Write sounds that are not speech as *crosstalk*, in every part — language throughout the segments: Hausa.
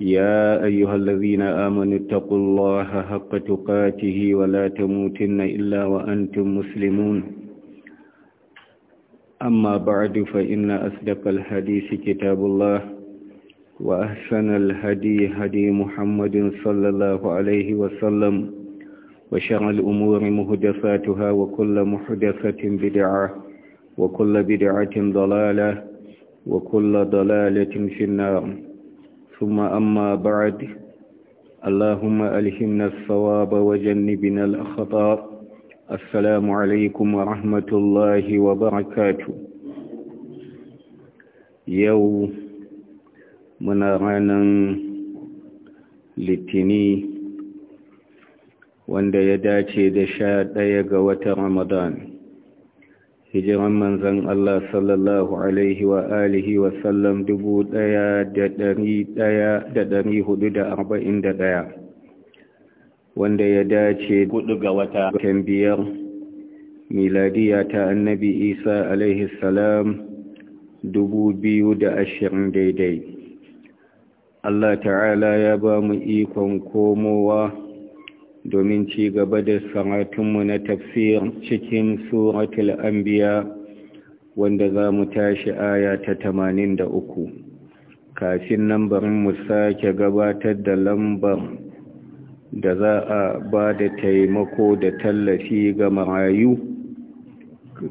يا أيها الذين آمنوا اتقوا الله حق تقاته ولا تموتن إلا وأنتم مسلمون أما بعد فإن أصدق الحديث كتاب الله وأحسن الهدي هدي محمد صلى الله عليه وسلم وشر الأمور مهدفاتها وكل محدثة بدعة وكل بدعة ضلالة وكل ضلالة في النار ثم أما بعد اللهم ألهمنا الصواب وجنبنا الأخطاء السلام عليكم ورحمة الله وبركاته يوم منارانا litini wanda ya dace da sha ɗaya ga watan ramadan hijiran manzan Allah sallallahu Alaihi wa alihi sallam dubu ɗaya da dari hudu da arba'in da ɗaya wanda ya dace hudu ga wata kan biyar miladiya ta annabi isa alaihi salam dubu biyu da ashirin daidai Allah ta'ala ya ba mu ikon komowa domin ci gaba da saratunmu na tafsir cikin suratul anbiya wanda za mu tashi aya ta tamanin da uku. kafin nan bari mu sake gabatar da lambar da za a ba da taimako da tallafi ga marayu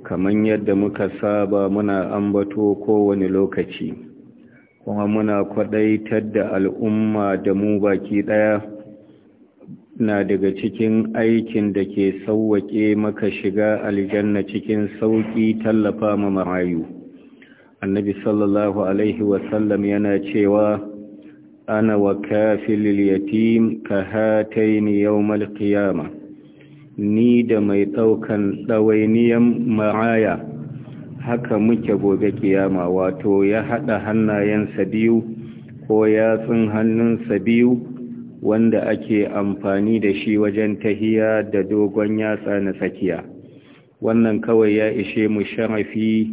kamar yadda muka saba muna ambato kowane lokaci kuma muna kwadaitar da al'umma da mu baki ɗaya. na daga cikin aikin da ke sauwaƙe maka shiga aljanna cikin sauƙi tallafa ma marayu annabi sallallahu alaihi wasallam yana cewa ana wa kafin yatim ka hataini yawmal qiyama ni da mai ɗaukan ɗawainiyan maraya haka muke gobe kiyama wato ya haɗa hannayensa biyu ko yatsun hannunsa biyu wanda ake amfani da shi wajen tahiya da dogon yatsa na tsakiya wannan kawai ya ishe mu sharafi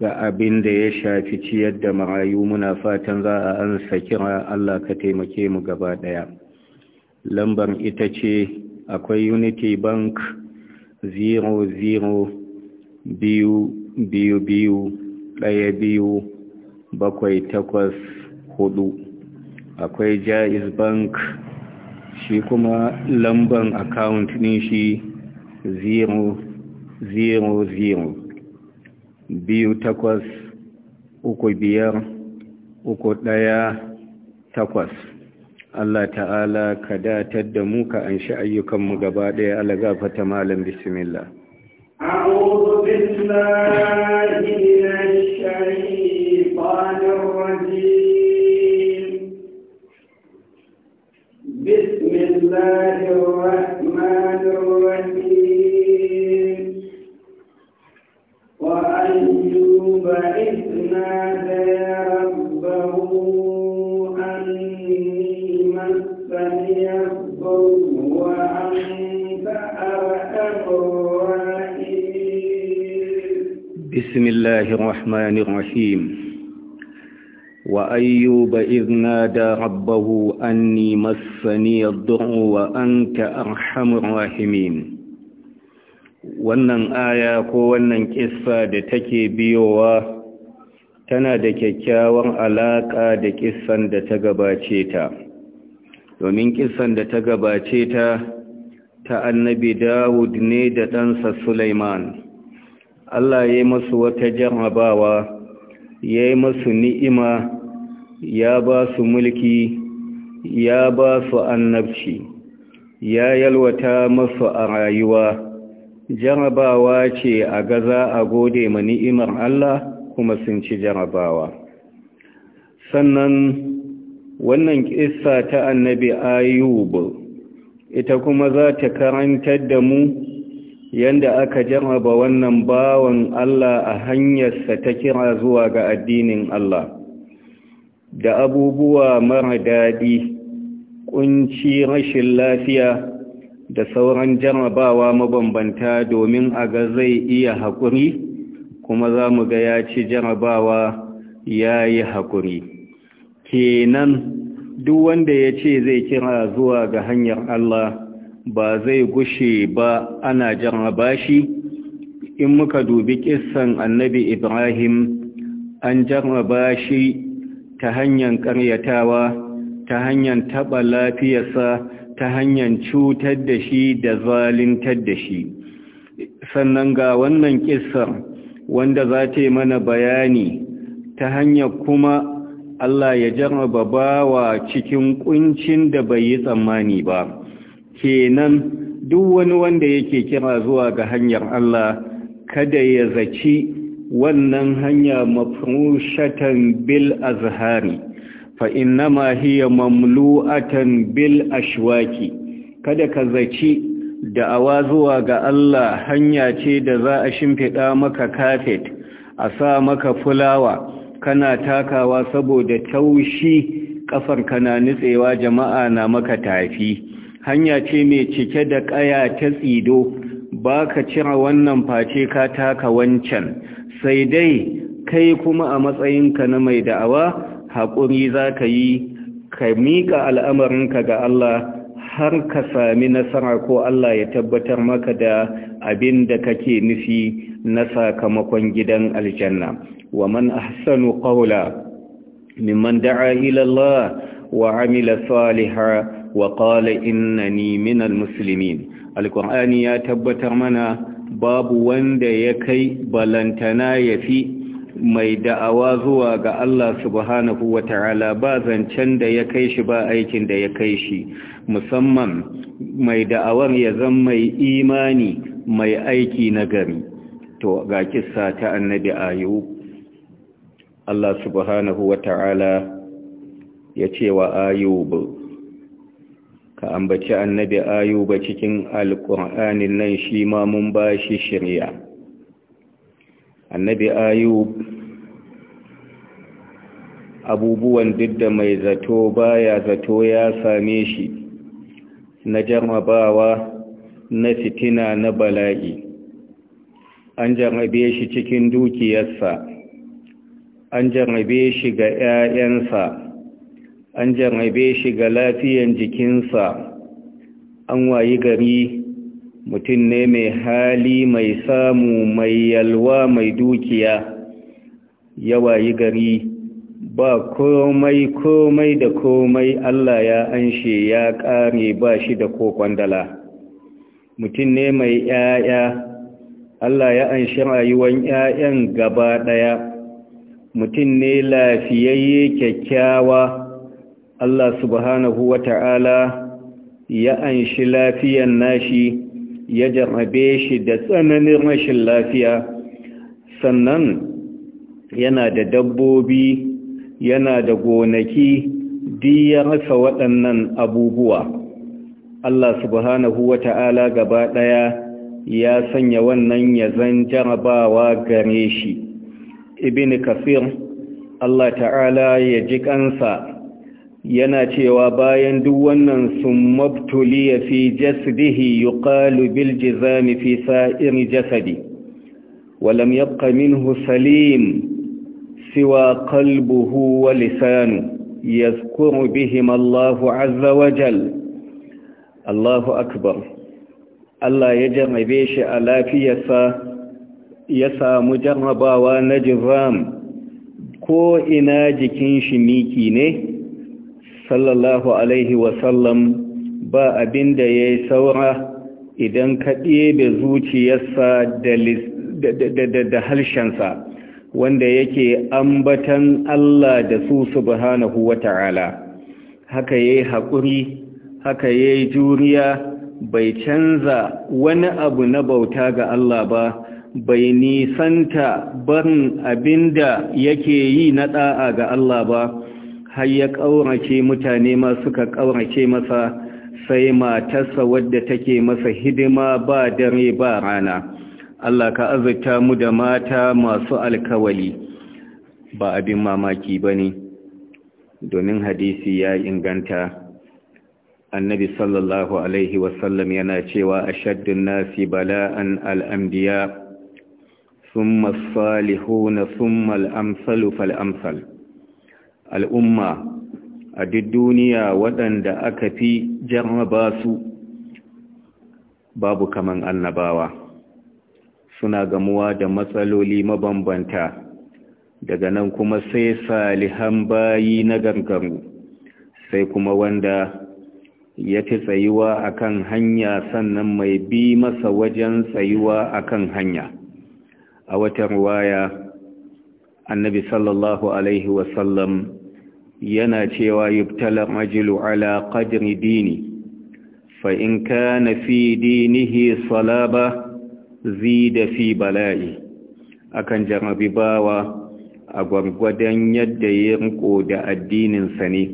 ga abin da ya shafi ciyar da marayu muna fatan za a an kira Allah ka taimake mu gaba ɗaya. lambar ita ce akwai unity bank 00 biyu biyu biyu ɗaya biyu bakwai takwas hudu akwai jaiz bank shi kuma lamban account ɗin shi 000 biyu takwas uku biyar uku ɗaya takwas Allah ta'ala ka datar da mu ka an shi ayyukanmu gaba ɗaya fata malam bismillah أعوذ مسني الضر وأنت أرحم الراحمين wannan aya ko wannan kissa da take biyowa tana da kyakkyawar alaƙa da kissan da ta gabace ta domin kissan da ta gabace ta ta annabi Dawud ne da ɗansa Sulaiman Allah ya yi masu wata jarrabawa ya yi masu ni'ima ya ba su mulki ya ba su annabci ya yalwata masu a rayuwa jarabawa ce a gaza a gode ma ni'imar Allah kuma sun ci jarabawa sannan wannan kissa ta annabi ayyub ita kuma za ta karantar da mu yanda aka jaraba wannan bawan Allah a hanyarsa ta kira zuwa ga addinin Allah da abubuwa mara daɗi kunci rashin lafiya da sauran jarrabawa mabambanta domin a ga zai iya haƙuri kuma za mu ga ya ci jarabawa ya yi haƙuri kenan duk wanda ya ce zai kira zuwa ga hanyar Allah ba zai gushe ba ana jarraba shi in muka dubi kissan annabi Ibrahim an jarraba shi ta hanyar ƙaryatawa ta hanyar taɓa lafiyarsa ta hanyar cutar da shi da zalintar da shi sannan ga wannan ƙisar wanda za ta yi mana bayani ta hanyar kuma Allah ya jarraba bawa cikin ƙuncin da bai yi tsammani ba kenan duk wani wanda yake kira zuwa ga hanyar Allah kada ya zaci wannan hanya mafrushatan bil azhari fa ma hiya mamlu'atan bil ashwaki kada ka zaci da'awa zuwa ga Allah hanya ce da za a shimfiɗa maka kafet a sa maka fulawa kana takawa saboda taushi ƙafar kana nitsewa jama'a na maka tafi hanya ce mai cike da ƙaya ta tsido ba ka cira wannan face ka taka wancan sai dai kai kuma a matsayinka na mai da'awa haƙuri za ka yi ka miƙa al'amarinka ga Allah har ka sami nasara ko Allah ya tabbatar maka da abin da kake nufi na sakamakon gidan aljanna wa man ahsanu qawla mimman da'a ila Allah wa amila salihan wa qala innani minal muslimin alqur'ani ya tabbatar mana babu wanda ya kai balantana yafi mai da'awa zuwa ga Allah subhanahu wa ta'ala ba zancen da ya kai shi ba aikin da ya kai shi musamman mai da'awar ya zan mai imani mai aiki na gari to ga kissa ta annabi ayu Allah subhanahu wa ta'ala ya ce wa ayubu ka ambaci annabi ayuba cikin alƙur'anin nan shi ma mun ba shi shirya annabi ayub abubuwan duk da mai zato baya zato ya same shi na jarrabawa na fitina na bala'i an jarrabe shi cikin dukiyarsa an jarrabe shi ga 'ya'yansa an jarrabe shi ga lafiyan jikinsa an wayi gari mutum ne mai hali mai samu mai yalwa mai dukiya yawa yi gari ba komai komai da komai Allah ya anshe ya ƙare ba shi da ko kwandala mutum ne mai ƴaƴa. Allah ya anshi rayuwan ƴaƴan gaba ɗaya mutum ne lafiyayye kyakkyawa Allah subhanahu wa ta'ala ya anshi lafiyan nashi ya jarrabe shi da tsananin rashin lafiya sannan yana da dabbobi yana da gonaki ya rasa waɗannan abubuwa Allah subhanahu wa ta'ala gaba ɗaya ya sanya wannan ya zan jarabawa gare shi ibini kafir Allah ta'ala ya ji kansa yana cewa bayan duk wannan sun mabtuliya fi jasdihi yuqalu bil jizami fi sa'ir jasadi walam yabqa minhu salim siwa qalbuhu wa lisanu yadhkuru bihim Allahu azza wa jal Allahu akbar Allah ya jarrabe shi a lafiyarsa ya samu jarrabawa na jizam ko ina jikin shi miki ne sallallahu alaihi wasallam ba abin da ya yi saura idan ka ɗebe zuciyarsa da harshensa wanda yake ambatan Allah da su subhanahu wa ta'ala haka ya yi haƙuri haka ya yi juriya bai canza wani abu na bauta ga Allah ba bai nisanta barin abinda yake yi na ɗa'a ga Allah ba har ya ƙaurace mutane ma suka ƙaurace masa sai matarsa wadda take masa hidima ba dare ba rana Allah ka azurta mu da mata masu alkawali ba abin mamaki ba ne domin hadisi ya inganta annabi sallallahu alaihi wasallam yana cewa a shaddun nasi bala'an al'amdiya sun masu salihuna sun mal'amsalu fal'amsal al'umma a duk duniya waɗanda aka fi jarraba su babu kaman annabawa suna gamuwa da matsaloli mabambanta daga nan kuma sai salihan bayi na gangaru sai kuma wanda ya fi tsayuwa a kan hanya sannan mai bi masa wajen tsayuwa a kan hanya a watan waya annabi sallallahu alaihi wasallam yana cewa yubtala majlu ala qadri dini fa in kana fi dinihi salaba zida fi bala'i akan jarabi bawa a gwargwadon yadda ya riko da addininsa ne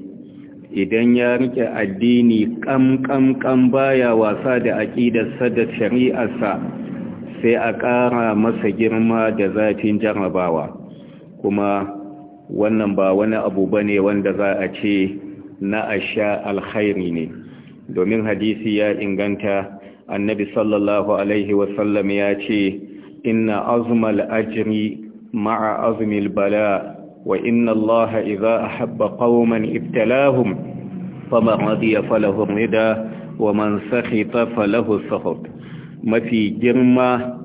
idan ya rike addini kam kam kam baya wasa da sa da shari'ar sa sai a ƙara masa girma da zafin jarabawa kuma wannan ba wani abu bane wanda za a ce na asha alkhairi ne domin hadisi ya inganta annabi sallallahu alaihi wasallam ya ce inna azmal ajri ma'a azmil bala wa inna allaha idza ahabba qauman ibtalahum faman radiya falahu rida wa man sakhita falahu sakhut mafi girma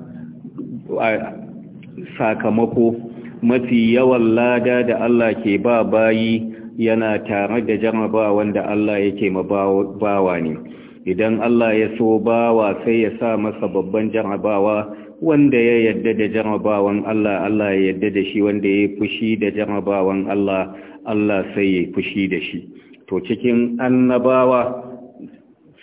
sakamako mafi yawan lada da Allah ke ba bayi yana tare da jarabawa wanda Allah yake bawa ne idan Allah ya so bawa sai ya sa masa babban jarabawa wanda ya yadda da jarabawan Allah Allah ya yadda da shi wanda ya fushi da jarabawan Allah Allah sai ya fushi da shi to cikin annabawa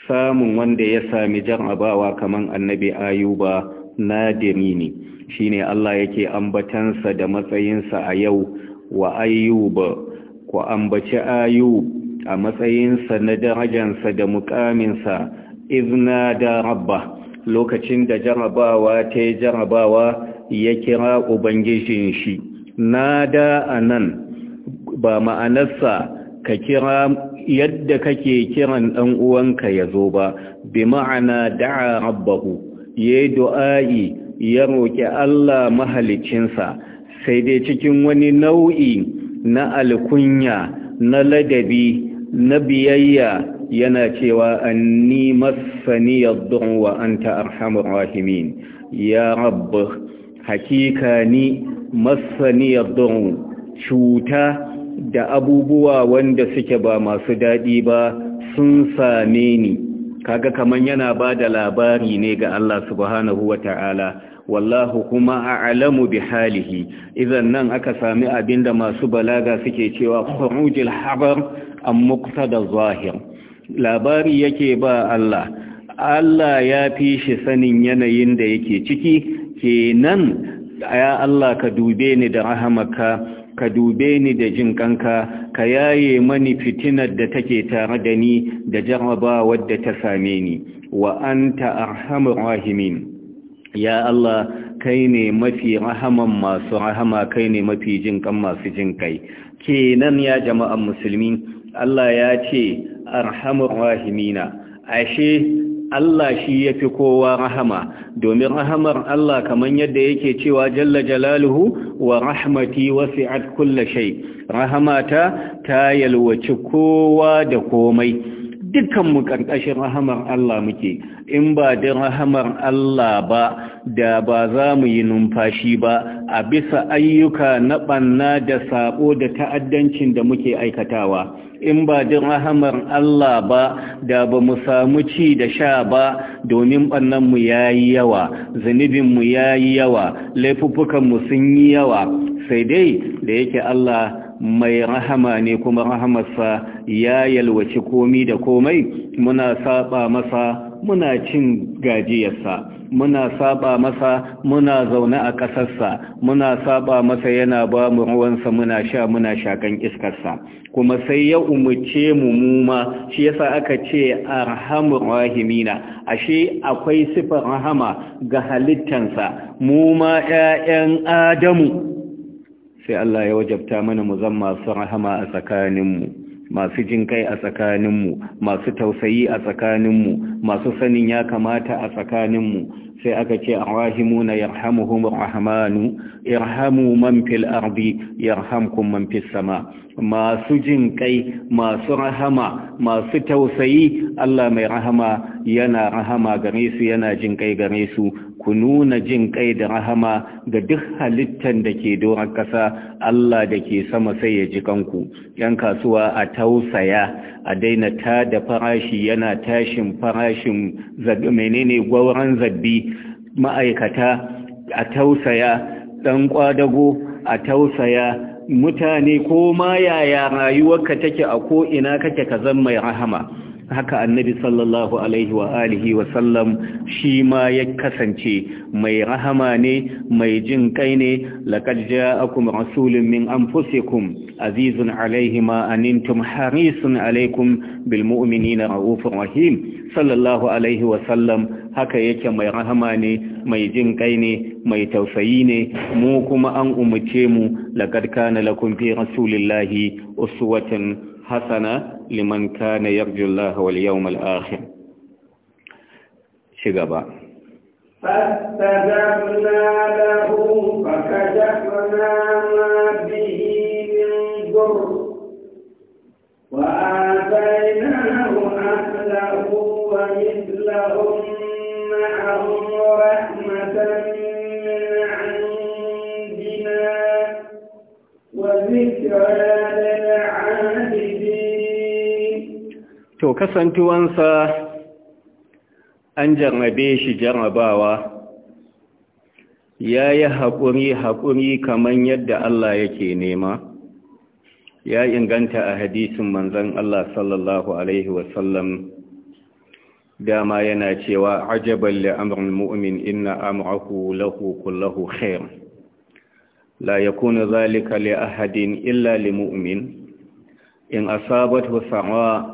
samun wanda ya sami jarabawa kamar annabi ayuba ne. Shi ne Allah yake ambatansa da matsayinsa a yau wa ayyub ku ambaci ayu a matsayinsa na darajansa da mukaminsa izna da rabba lokacin da jarabawa ta jarabawa ya kira ubangijin shi Na nada anan ba ma'anarsa ka kira yadda kake kiran dan uwanka zo ba bi ma'ana da'a rabbahu ya yi du'a'i ya roƙi Allah mahalicinsa sai dai cikin wani nau'i na alkunya na ladabi na biyayya yana cewa anni masani ya wa anta ta'arhamar rahimin ya rabu hakika ni masani ya cuta da abubuwa wanda suke ba masu daɗi ba sun same ni kaga kaman yana ba da labari ne ga Allah subhanahu wa ta'ala wallahu kuma a a'lamu bi halihi idan nan aka sami abinda masu balaga suke cewa khurujil habar am muqtada zahir labari yake ba Allah Allah ya fi shi sanin yanayin da yake ciki kenan ya Allah ka dube ni da rahamaka ka dube ni da jin kanka ka yaye mani fitinar da take tare da ni da jaraba wadda ta same ni wa anta arhamur rahimin ya Allah kai ne mafi rahaman masu rahama kai ne mafi jin kan masu jin kai kenan ya jama'an musulmi Allah ya ce arhamur rahimina ashe Allah shi ya fi kowa rahama domin rahamar Allah kamar yadda yake cewa jalla jalaluhu wa rahmati wasi'at kulla shai." rahamata ta yalwaci kowa da komai Dukkanmu mu karkashin rahamar Allah muke in ba da rahamar Allah ba da ba za mu yi numfashi ba a bisa ayyuka na ɓanna da sako da ta'addancin da muke aikatawa in ba din rahamar Allah ba da ba mu samu ci da sha ba domin ɓannanmu ya yi yawa zunubinmu ya yi yawa laifuffukanmu sun yi yawa sai dai da yake Allah mai rahama ne kuma rahamarsa ya yalwaci komi da komai muna saba masa muna cin gajiyarsa muna saba masa muna zaune a ƙasarsa muna saba masa yana ba mu ruwansa muna sha muna shakan iskarsa kuma sai ya umuce mu muma shi yasa aka ce arhamur rahimina ashe akwai sifar rahama ga halittansa muma ƴaƴan adamu sai Allah ya wajabta mana mu zama su rahama a tsakaninmu masu jin kai a tsakaninmu masu tausayi a tsakaninmu masu sanin ya kamata a tsakaninmu sai aka ce arrahimuna yarhamuhum Rahmanu; irhamu man fil ardi yarhamkum man fil sama masu jin kai masu rahama masu tausayi Allah mai rahama yana rahama gare su yana jin kai gare su ku nuna jin kai da rahama ga duk halittar da ke doron ƙasa Allah da ke sama sai ya ji kanku yan kasuwa a tausaya a daina ta da farashi yana tashin farashin menene gwauran zabi ma'aikata a tausaya ɗan ƙwadago a tausaya mutane ko ma yaya rayuwarka take a ko'ina kake ka zan mai rahama haka annabi sallallahu alaihi wa alihi wa sallam shi ma ya kasance mai rahama ne mai jin kai ne laqad ja'akum rasulun min anfusikum azizun alaihi ma anantum harisun alaikum bil mu'minina raufur rahim sallallahu alaihi wa sallam haka yake mai rahama ne mai jin kai ne mai tausayi ne mu kuma an umuce mu laqad kana lakum fi rasulillahi uswatun hasana liman kana yarju Allah wal yawmal akhir shi gaba فاستجبنا له فكشفنا ما به من ضر وآتيناه أهله ومثلهم to kasantuwansa an jarrabe shi jarrabawa ya yi haƙuri haƙuri kamar yadda Allah yake nema ya inganta a hadisin manzan Allah sallallahu Alaihi wasallam dama yana cewa ajaban li'amrul mu'min inna amrahu lahu kulluhu khair la yakunu zalika li ahadin illa lil mu'min in asabathu sa'a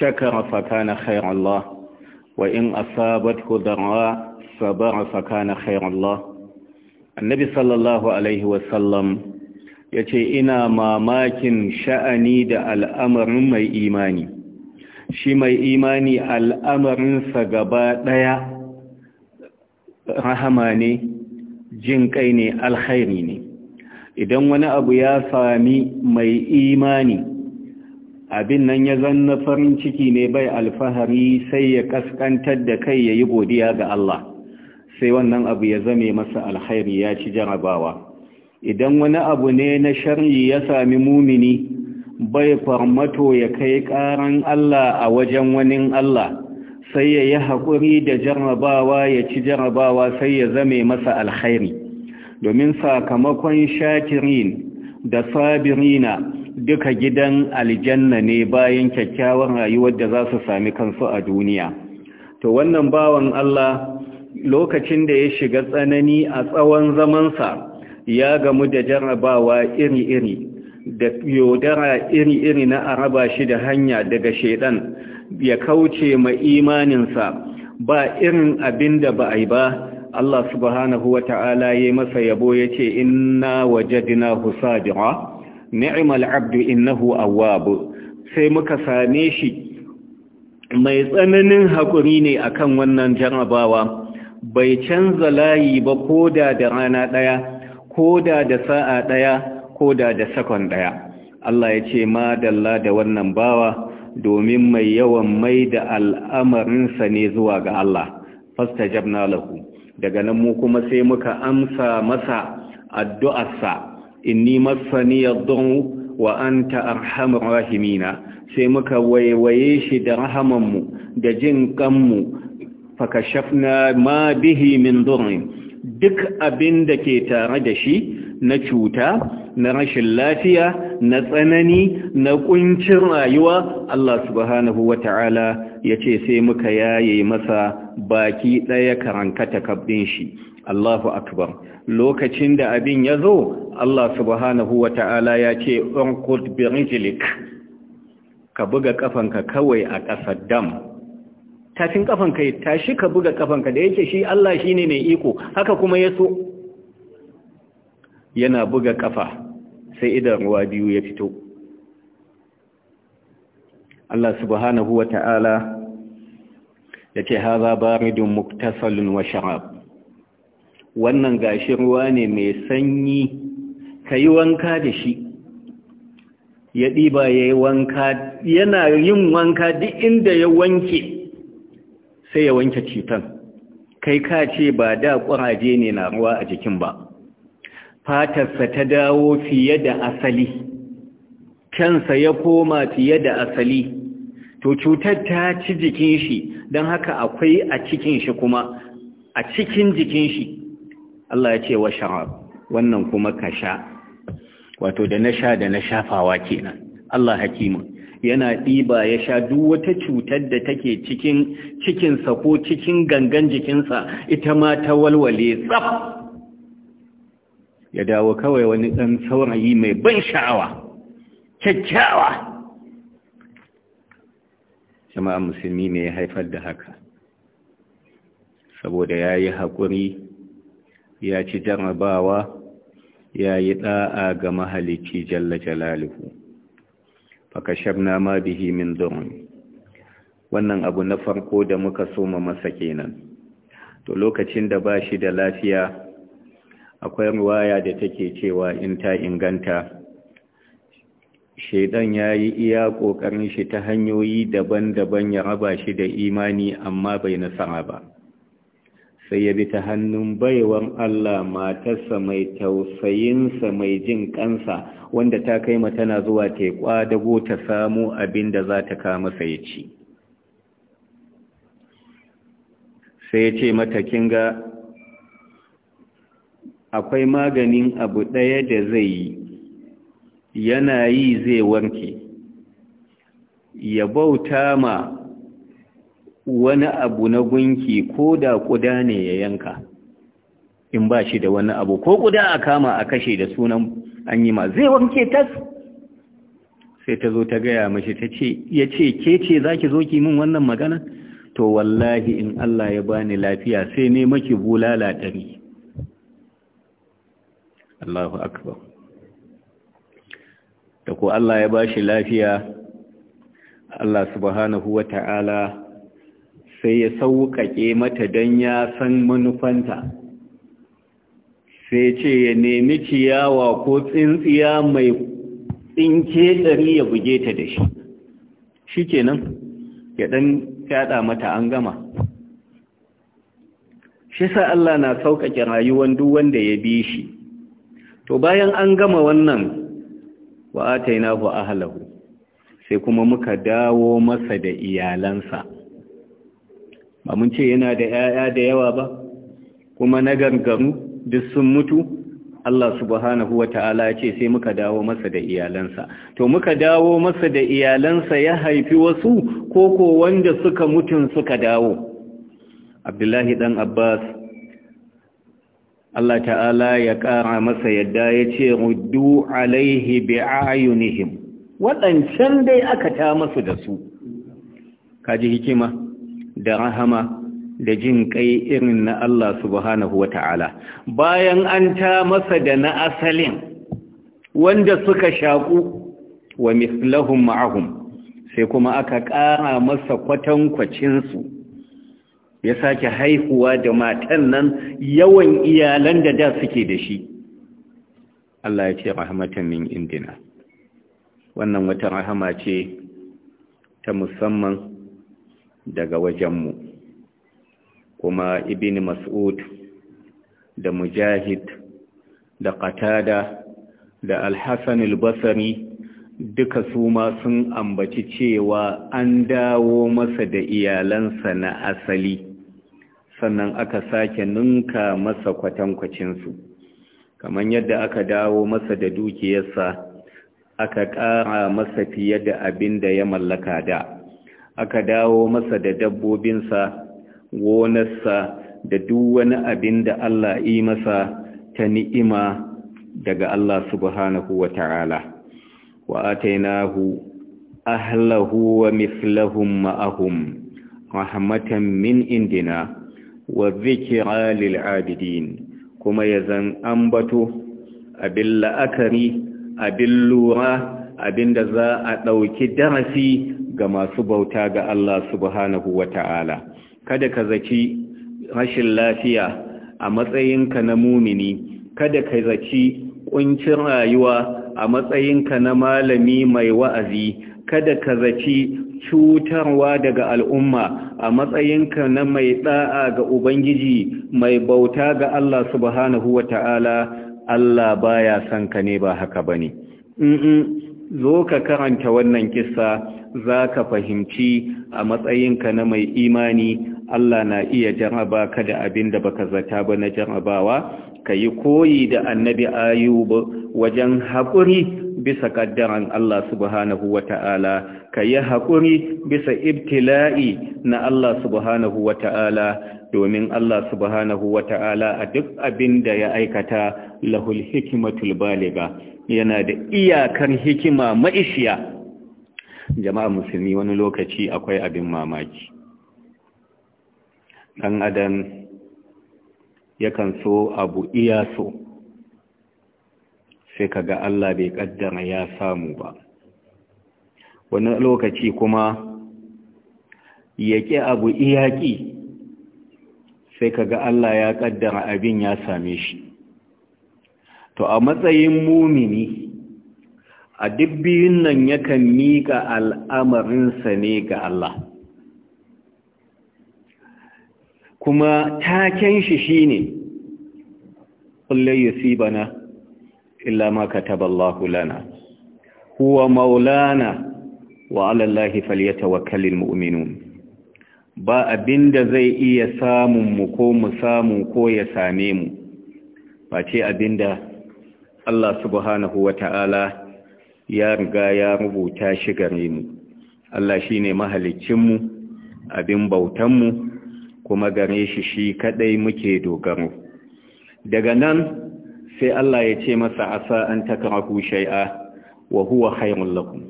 shakara fa kana khairan Allah wa in asabathu dara sabara fa kana khairan Allah annabi sallallahu alaihi wa sallam yace ina mamakin sha'ani da al'amarin mai imani shi mai imani al'amarinsa gaba ɗaya rahama ne jin kai ne alkhairi ne idan wani abu ya sami mai imani abin nan ya zanna farin ciki ne bai alfahari sai ya kaskantar da kai ya yi godiya ga Allah sai wannan abu ya zame masa alhairi ya ci jarabawa idan wani abu ne na sharri ya sami mumini bai farmato ya kai ƙaran Allah a wajen wani Allah sai ya yi haƙuri da jarrabawa ya ci jarrabawa sai ya zame masa alkhairi domin sakamakon shakirin da sabirina duka gidan aljanna ne bayan kyakkyawar rayuwar da za su sami kansu a duniya to wannan bawan Allah lokacin da ya shiga tsanani a tsawon zamansa ya gamu da jarrabawa iri-iri da yaudara iri-iri na araba shi da hanya daga shaidan ya kauce ma imaninsa ba irin abin da ba a yi ba Allah subhanahu wa ta'ala ya masa yabo ya ce inna wajadina husadira Ni'imal abdu innahu awwabu sai muka same shi mai tsananin haƙuri ne akan wannan jarabawa bai canza layi ba koda da rana ɗaya ko da da sa'a ɗaya ko da da sakon ɗaya Allah ya ce ma dalla da wannan bawa domin mai yawan mai da al'amarinsa ne zuwa ga Allah fasta jabna lahu daga nan mu kuma sai muka amsa masa addu'arsa inni masani yadhu wa anta arhamur rahimina sai muka waiwaye shi da rahamanmu da jin kanmu fakashafna ma bihi min durin. duk abin da ke tare da shi na cuta na rashin lafiya na tsanani na kuncin rayuwa Allah subhanahu ta'ala, ya ce sai muka yaye masa baki ɗaya karankata kabbin shi Allahu akbar lokacin da abin ya zo Allah subhanahu ta'ala, ya ce unqud bi rijlik ka buga kafanka kawai a ƙasar dam tafin kafanka ya tashi ka buga kafanka da yake shi Allah shi ne mai iko haka kuma ya so yana buga kafa sai idan ruwa biyu ya fito Allah subhanahu wa ta'ala ya ce haza baridun muktasalun wa sharab wannan gashi ruwa ne mai sanyi ka yi wanka da shi ya ɗiba ya yi wanka yana yin wanka duk inda ya wanke sai ya wanke citan kai ka ce ba da ƙuraje ne na ruwa a jikin ba fatarsa ta dawo fiye da asali kyansa ya koma fiye da asali to cutar ta ci jikin shi don haka akwai a cikin shi kuma a cikin jikin shi Allah ya ce wa sha'ab wannan kuma ka sha wato da na sha da na shafawa kenan Allah hakimun yana ɗiba ya sha duk wata cutar da take cikin cikinsa ko cikin gangan jikinsa ita ma ta walwale tsaf ya dawo kawai wani ɗan saurayi mai ban sha'awa kyakkyawa jama'a musulmi ne ya haifar da haka saboda ya yi haƙuri ya ci jarabawa ya yi ɗa'a ga mahalicci jalla jalaluhu fakashabna ma bihi min dhurri wannan abu na farko da muka soma masa kenan to lokacin da ba shi da lafiya akwai ruwaya da take cewa in ta inganta shaidan ya yi iya ƙoƙarin shi ta hanyoyi daban-daban ya raba shi da imani amma bai nasara ba sai ya bi ta hannun baiwan Allah matarsa mai tausayinsa mai jin kansa wanda ta kai tana zuwa ta dago ta samu abin da za ta kama sai ci sai ya ce mata kinga akwai maganin abu ɗaya da zai yi yana yi zai wanke ya bauta ma wani abu na gunki ko da kuda ne ya yanka in ba shi da wani abu ko kuda a kama a kashe da sunan an yi ma zai wanke tas sai ta zo ta gaya mashi ta ce ya ce ke ce za ki zo ki min wannan magana to wallahi in Allah ya bani lafiya sai ne maki bulala ɗari Allahu akbar da ko Allah ya bashi lafiya Allah subhanahu wa ta'ala sai ya sauƙaƙe mata don ya san manufanta sai ce ya nemi ciyawa ko tsintsiya mai tsinke ɗari ya buge ta da shi shi kenan ya ɗan fyaɗa mata an gama shi sa Allah na sauƙaƙe rayuwan duk wanda ya bi shi to bayan an gama wannan wa'ataina atainahu ahlahu sai kuma muka dawo masa da iyalansa ba mun ce yana da ‘ya'ya da yawa ba kuma na gangaru duk sun mutu Allah subhanahu wa ta'ala ya ce sai muka dawo masa da iyalansa to muka dawo masa da iyalansa ya haifi wasu ko ko wanda suka mutun suka dawo Abdullahi dan Abbas Allah ta'ala ya ƙara masa yadda ya ce ruddu alaihi bi'ayunihim waɗancan dai aka ta masu da su kaji hikima da rahama da jin kai irin na Allah subhanahu wa ta'ala bayan an ta masa da na asalin wanda suka shaƙu wa mislahun ma'ahum sai kuma aka ƙara masa kwatankwacinsu ya sake haihuwa da matan nan yawan iyalan da da suke da shi Allah ya ce rahmatan min indina wannan wata rahama ce ta musamman daga wajenmu kuma ibn mas'ud da mujahid da qatada da al-hasan al-basri duka su ma sun ambaci cewa an dawo masa da iyalansa na asali sannan aka sake ninka masa kwatankwacinsu kamar yadda aka dawo masa da dukiyarsa aka ƙara masa fiye da abin da ya mallaka da aka dawo masa da dabbobinsa gonarsa da duk wani abin da Allah yi masa ta ni'ima daga Allah subhanahu wa ta'ala wa atainahu ahlahu wa mislahum ma'ahum rahmatan min indina wa zikra lil abidin kuma zan ambato abin la'akari abin lura abin da za a ɗauki darasi ga masu bauta ga Allah subhanahu wa ta'ala kada ka zaci rashin lafiya a matsayinka na mumini kada ka zaci ƙuncin rayuwa a matsayinka na malami mai wa'azi kada ka zaci cutarwa daga al'umma a matsayinka na mai tsa'a ga Ubangiji mai bauta ga Allah subhanahu wa ta'ala Allah baya son ka ne ba haka ba ne. zo ka karanta wannan kissa za ka fahimci a matsayinka na mai imani Allah na iya jaraba ka da abin da baka zata ba na jarabawa ka yi koyi da annabi ayuba wajen haƙuri bisa ƙaddaran Allah subhanahu wa ta'ala ka yi haƙuri bisa ibtila'i na Allah subhanahu wa ta'ala domin Allah subhanahu wa ta'ala a duk abin da ya aikata lahul hikimatul baliga yana da iyakar hikima ma'ishiya jama'a musulmi wani lokaci akwai abin mamaki ɗan adam yakan so abu iya so sai ka ga Allah bai ƙaddara ya samu ba wani lokaci kuma ya yaƙi abu iyaƙi sai ka ga Allah ya ƙaddara abin ya same shi to a matsayin mumini a duk biyun nan yakan miƙa al'amarinsa ne ga Allah kuma taken shi shi ne ƙullai bana illa ma kataballahu lana huwa maulana wa alallahi falyatawakkalul muminu ba abinda zai iya samun mu ko mu samu ko ya same mu ba ce abinda Allah subhanahu wa ta'ala ya riga ya rubuta shi gare mu Allah shi ne mahalicinmu abin bautanmu kuma gare shi shi kaɗai muke dogaro daga nan sai Allah ya ce masa asa an takarahu shai'a wa huwa lakum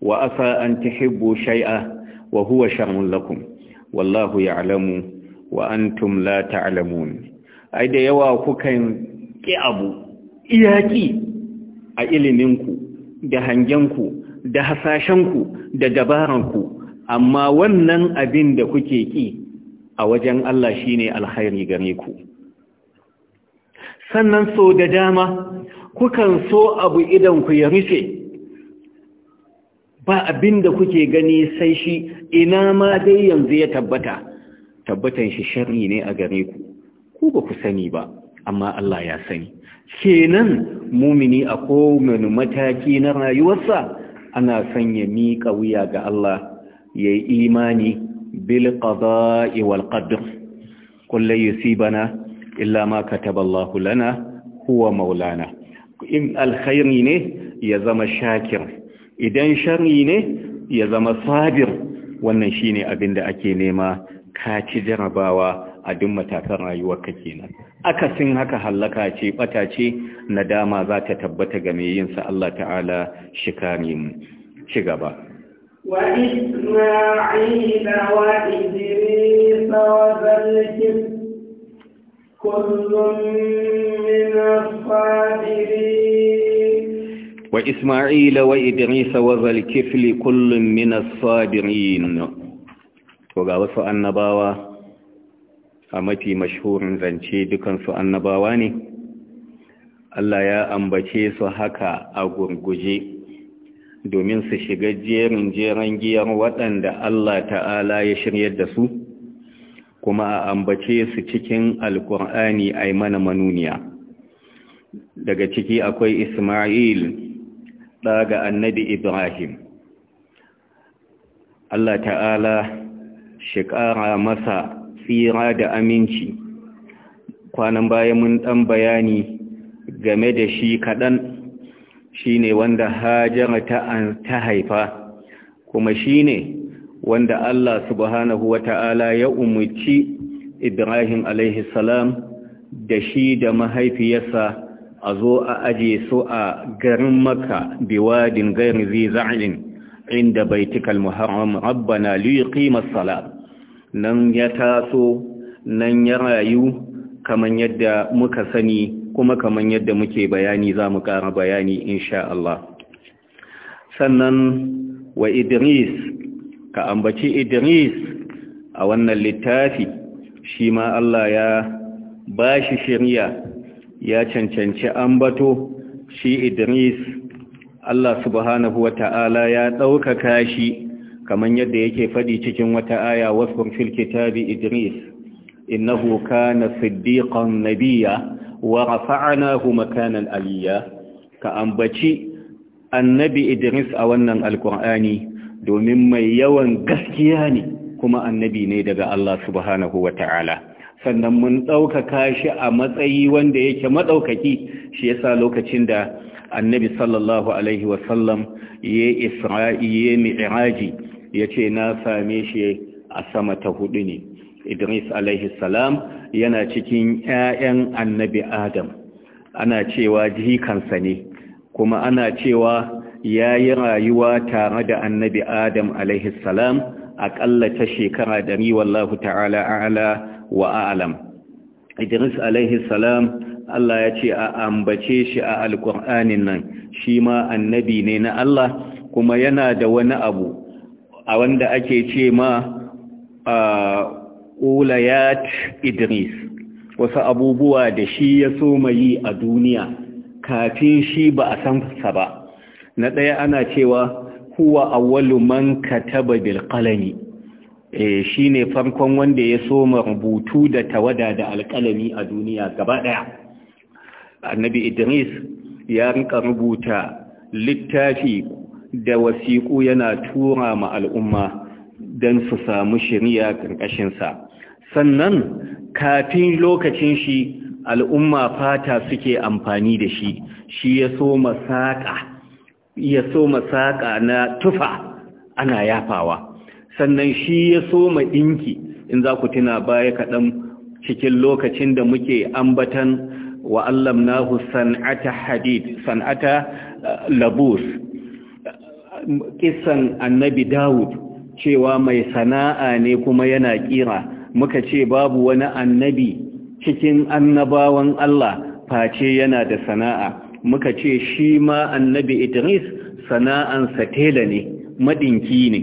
wa asa an tuhibbu shai'a wa huwa lakum wallahu ya'lamu wa tumla ta ta'lamun ai da yawa kukan ki abu iyaki a iliminku da hangenku da hasashenku da dabaranku amma wannan abin da kuke ƙi a wajen Allah shine alkhairi gare ku sannan so da dama kukan so abu idan ku ya rufe ba abin da kuke gani sai shi ina ma dai yanzu ya tabbata tabbatan shi shari ne a gare ku ku ba ku sani ba amma Allah ya sani kenan mumini a kowane mataki na rayuwarsa ana son ya miƙa wuya ga Allah ya yi imani bil qada'i wal qadr kullu bana, illa ma kataballahu lana huwa maulana in alkhairi ne ya zama shakir idan shari ne ya zama sabir wannan shine abin da ake nema ka ci jarabawa a duk matakan rayuwarka kenan akasin haka hallaka ce bata ce nadama za ta tabbata ga mai yinsa Allah ta'ala shi kame mu ci gaba wa isma'ila wa idris wa zalkin kullum min as-sabirin wa isma'ila wa idris wa zalkifli kullum min as-sabirin to ga wasu annabawa a mafi mashhurin zance dukansu annabawa ne Allah ya ambace su haka a gurguje domin su shiga jerin jeran giyar waɗanda Allah ta'ala ya shirya da su kuma a ambace su cikin alkur'ani a mana manuniya daga ciki akwai Ismail ɗaga annabi Ibrahim Allah ta'ala shi ƙara masa tsira da aminci kwanan baya mun ɗan bayani game da shi kaɗan shi ne wanda hajjara ta haifa kuma shi ne wanda Allah subhanahu wa ta'ala ya umarci Ibrahim salam da shi da mahaifiyarsa a zo a aje su a garin maka biwadin gairin ziza'in inda baitikal muharram rabbana liqima salat nan ya taso nan ya rayu kaman yadda muka sani kuma kaman yadda muke bayani za mu ƙara bayani insha Allah sannan wa Idris ka ambaci Idris a wannan littafi shi ma Allah ya ba shi shirya ya cancanci ambato shi Idris Allah subhanahu wa ta'ala ya ɗaukaka shi kamar yadda yake fadi cikin wata aya wasfur fil kitabi idris innahu kana siddiqan nabiyya wa rafa'nahu makanan aliyya ka ambaci annabi idris a wannan alqur'ani domin mai yawan gaskiya ne kuma annabi ne daga Allah subhanahu wata'ala sannan mun ɗaukaka shi a matsayi wanda yake maɗaukaki shi yasa lokacin da annabi sallallahu alaihi wasallam ya isra'i ya mi'raji ya ce na same shi a sama ta hudu ne idris alaihissalam yana cikin 'ya'yan annabi adam ana cewa jikansa ne kuma ana cewa ya yi rayuwa tare da annabi adam alaihissalam a ta shekara ɗari wallahu ta'ala ala wa alam idris alaihissalam Allah ya ce a ambace shi a alƙur'anin nan shi ma annabi ne na Allah kuma yana da wani abu a wanda ake ce ma ƙulayat idris wasu abubuwa da shi ya so yi a duniya kafin shi ba a san sa ba na ɗaya ana cewa huwa awwalu man kataba bil qalami eh shine farkon wanda ya soma rubutu da tawada da alƙalami a duniya gaba ɗaya annabi idris ya rinka rubuta littafi da wasiƙu yana tura ma al'umma don su samu shirya ƙarƙashinsa sannan kafin lokacin shi al'umma fata suke amfani da shi shi ya so masaƙa na tufa ana yafawa sannan shi ya so ma ɗinki in za ku tuna baya kaɗan cikin lokacin da muke ambatan wa allamnahu san'ata hadid san'ata eh, labus kisan annabi Dawud cewa mai sana'a ne kuma yana kira muka ce babu wani annabi cikin annabawan Allah face yana da sana'a muka ce shi ma annabi Idris sana'ansa tela ne madinki ne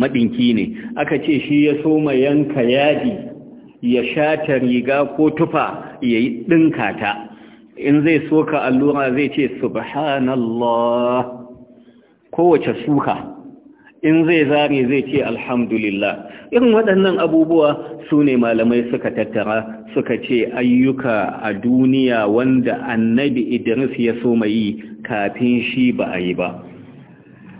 madinki ne aka ce shi ya so mai yanka yadi ya shata riga ko tufa yayi yi ɗinkata, in zai soka allura zai ce subhanallah kowace suka in zai zare zai ce alhamdulillah irin waɗannan abubuwa su ne malamai suka tattara suka ce ayyuka a duniya wanda annabi idris ya so mai kafin shi ba a yi ba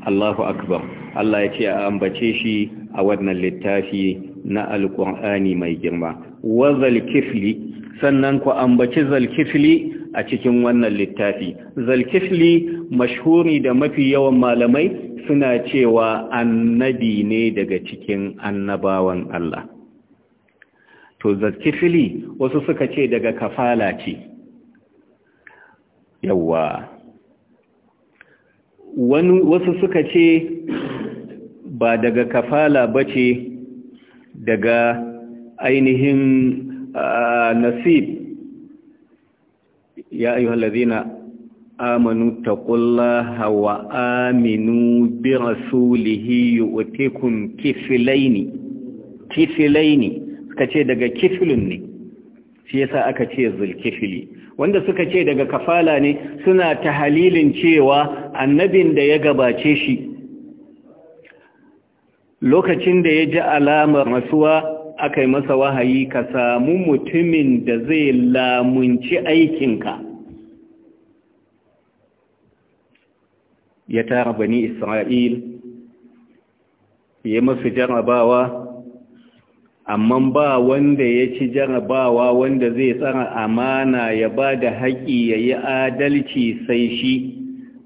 allahu akbar allah ya ce a ambace shi a wannan littafi na alkur'ani mai girma wa zalkifli sannan ku ambaci zalkifli a cikin wannan littafi zalkifli mashhuri da mafi yawan malamai suna cewa annabi ne daga cikin annabawan Allah to zalkifli wasu suka ce daga kafala ce yawa wani wasu suka ce ba daga kafala bace daga ainihin ah, nasib يا أيها الذين آمنوا اتقوا الله وآمنوا برسوله يؤتكم كفلين كفلين كتير دقا كفلني shi yasa aka ce wanda suka ce daga kafala ne suna ta halilin cewa annabin da ya gabace shi lokacin da ya ji alamar masuwa aka yi masa wahayi ka samu mutumin da zai lamunci aikinka ya tara bani isra'il ya masu jarabawa amma ba wanda ya ci jarabawa wanda zai tsara amana ya ba da haƙi ya yi adalci sai shi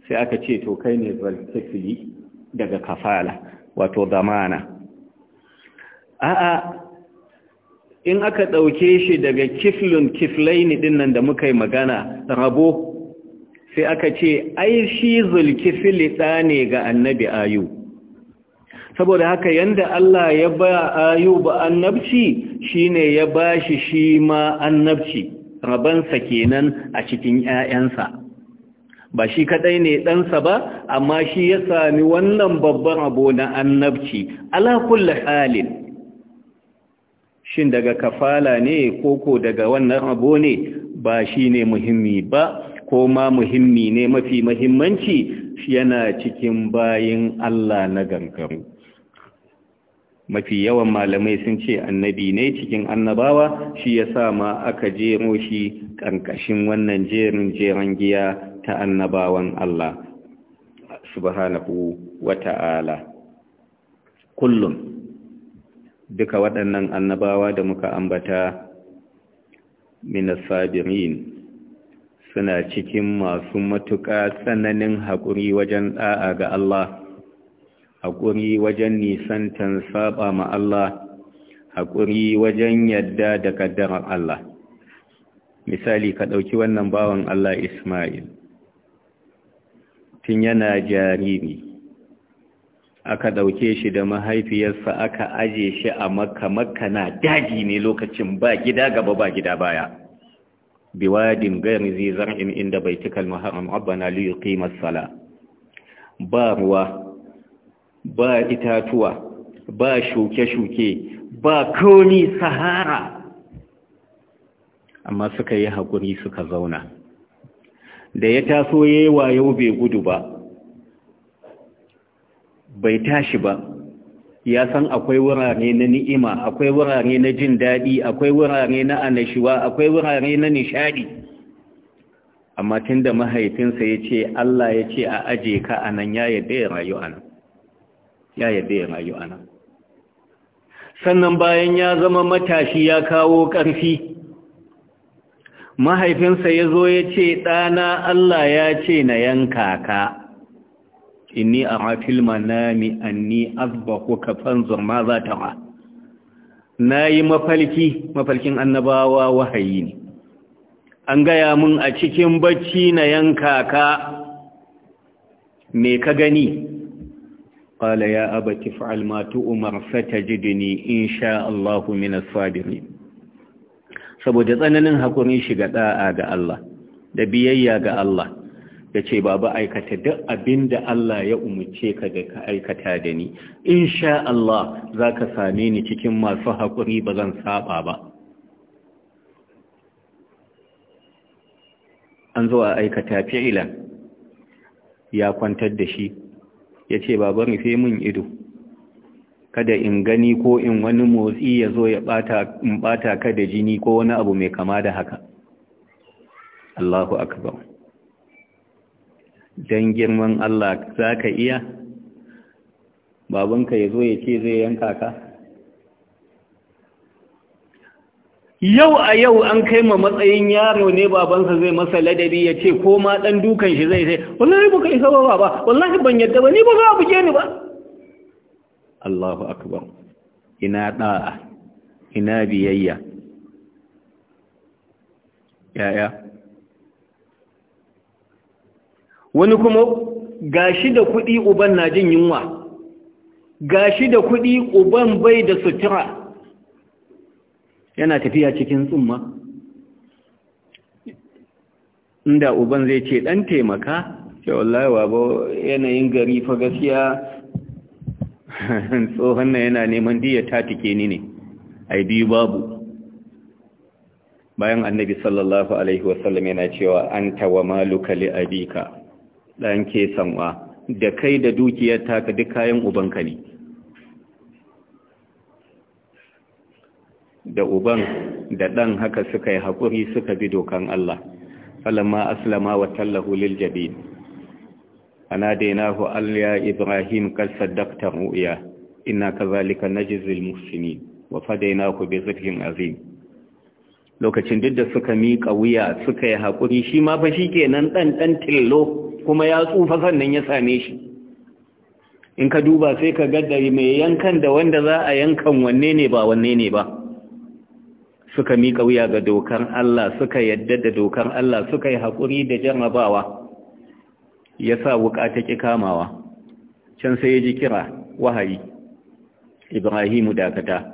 sai aka ce to kai ne zartafili daga kafala wato zamana a'a in aka ɗauke shi daga kiflun kiflaini ɗin nan da muka yi magana rabo sai aka ce ai shi zulkifili ɗa ne ga annabi ayu saboda haka yanda Allah ya ba ayu ba annabci shi ne ya ba shi shi ma annabci rabansa kenan a cikin 'ya'yansa ba shi kaɗai ne ɗansa ba amma shi ya sami wannan babban rabo na annabci ala kulle halin shin daga kafala ne koko daga wannan abu ne ba shi ne muhimmi ba ko ma muhimmi ne mafi muhimmanci? yana cikin bayin Allah na gangaru mafi yawan malamai sun ce annabi ne cikin annabawa shi ya sa ma aka jero shi ƙanƙashin wannan jerin jeran giya ta annabawan Allah subhanahu wa ta'ala kullum duka waɗannan annabawa da muka ambata minasabirin suna cikin masu matuƙa tsananin haƙuri wajen ɗa'a ga Allah haƙuri wajen nisantan saba ma Allah haƙuri wajen yadda da ƙaddarar Allah misali ka ɗauki wannan bawan Allah Ismail tun yana jariri aka ɗauke shi da mahaifiyarsa aka aje shi a makka makka na daji ne lokacin ba gida gaba ba gida baya biwadin gari zai zar'in inda bai tikal maharam abana liyu qimar sala ba ruwa ba itatuwa ba shuke-shuke ba koni sahara amma suka yi haƙuri suka zauna da ya taso yayi yau wayo bai gudu ba bai tashi ba ya san akwai wurare na ni'ima akwai wurare na jin daɗi akwai wurare na annashuwa akwai wurare na nishadi amma tun mahaifinsa ya ce Allah ya ce a aje ka a nan ya yadda ya rayu a nan sannan bayan ya zama matashi ya kawo ƙarfi mahaifinsa ya zo ya ce ɗana Allah ya ce na yanka ka inni a rafil manami anni azbahuka fanzur ma za Na yi mafalki mafalkin annabawa wahayi ne an gaya mun a cikin bacci na yanka ka me ka gani ƙala ya abati fa'al ma tu'mar in sha Allah min saboda tsananin hakurin shiga ɗa'a ga Allah da biyayya ga Allah ya ce baba aikata duk abin da Allah ya umarce ka da ka aikata da ni insha Allah za ka same ni cikin masu haƙuri ba zan saba ba an zo a aikata fi'ilan ya kwantar da shi ya ce baba rufe min ido kada in gani ko in wani motsi ya zo ya bata ka da jini ko wani abu mai kama da haka Allahu akbar don girman Allah za ka iya babanka ya zo ya ce zai yanka ka yau a yau an kai ma matsayin yaro ne babansa zai masa ladabi ya ce ko ma ɗan dukan shi zai sai wallahi baka isa ba baba wallahi ban yadda ba ni ba za a buge ni ba Allahu akbar ina ɗa'a. ina biyayya yaya wani kuma gashi da kuɗi uban na jin yunwa gashi da kuɗi uban bai da sutura yana tafiya cikin tsumma inda uban zai ce ɗan taimaka ce wallahi ba yanayin gari fa gaskiya *laughs* tsohon na yana neman diya ta tike ni ne ai biyu babu bayan annabi sallallahu alaihi wasallam yana cewa an tawa maluka li abika ɗan ke sanwa da kai da dukiyar taka duk kayan ubanka ne da uban da ɗan haka suka yi haƙuri suka bi dokan Allah falamma aslama wa tallahu lil jabin ana dainahu alya ibrahim kal saddaqta ru'ya inna kadhalika najzil muhsinin wa fadainahu bi zikrin azim lokacin duk da suka miƙa wuya suka yi haƙuri shi ma fa shikenan dan dan tillo kuma ya tsufa sannan ya same shi in ka duba sai ka gaddari mai yankan da wanda za a yankan wanne ne ba wanne ne ba suka mika wuya ga dokar Allah suka yadda da dokar Allah suka yi haƙuri da jarrabawa ya sa wuƙa ta ƙi kamawa can sai ya ji kira wahayi ibrahimu dakata